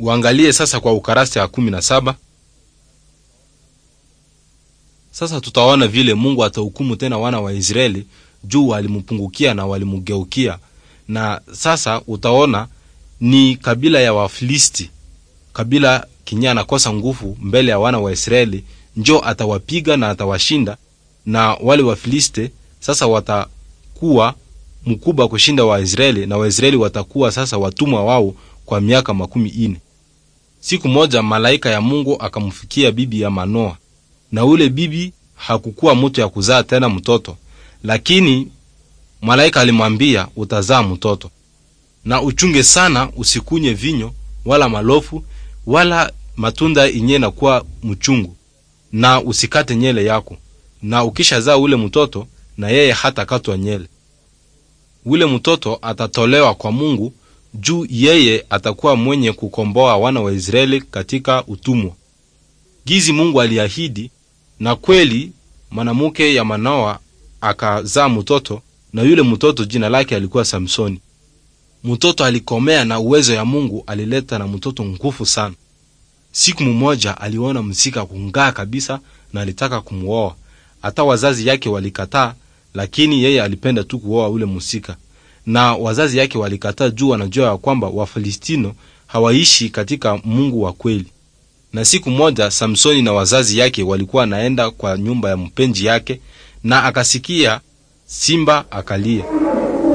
uangalie sasa kwa ukarasa ya kumi na saba. Sasa tutaona vile Mungu atahukumu tena wana wa Israeli juu walimpungukia na walimgeukia, na sasa utaona ni kabila ya Wafilisti, kabila kinyana anakosa nguvu mbele ya wana wa Israeli, njo atawapiga na atawashinda, na wale Wafilisti sasa watakuwa mkubwa kushinda Waisraeli na Waisraeli watakuwa sasa watumwa wao kwa miaka makumi ine. Siku moja malaika ya Mungu akamfikia bibi ya Manoa, na ule bibi hakukuwa mtu ya kuzaa tena mtoto, lakini malaika alimwambia, utazaa mtoto, na uchunge sana, usikunye vinyo wala malofu wala matunda inye nakuwa mchungu, na usikate nyele yako, na ukishazaa ule mtoto, na yeye hata katwa nyele. Ule mtoto atatolewa kwa Mungu juu yeye atakuwa mwenye kukomboa wana wa Israeli katika utumwa. Gizi Mungu aliahidi, na kweli mwanamke ya Manoa akazaa mtoto, na yule mtoto jina lake alikuwa Samsoni. Mtoto alikomea na uwezo ya Mungu alileta na mtoto nguvu sana. Siku mmoja aliona msika kung'aa kabisa, na alitaka kumuoa Hata wazazi yake walikataa, lakini yeye alipenda tu kuoa ule msika na wazazi yake walikataa juu wanajua ya kwamba Wafilistino hawaishi katika Mungu wa kweli. Na siku moja Samsoni na wazazi yake walikuwa anaenda kwa nyumba ya mpenji yake, na akasikia simba akalia.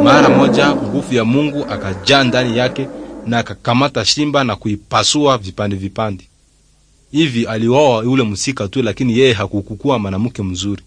Mara moja nguvu ya Mungu akajaa ndani yake, na akakamata simba na kuipasua vipande vipande. Hivi alioa yule msika tu, lakini yeye hakukukua mwanamke mzuri.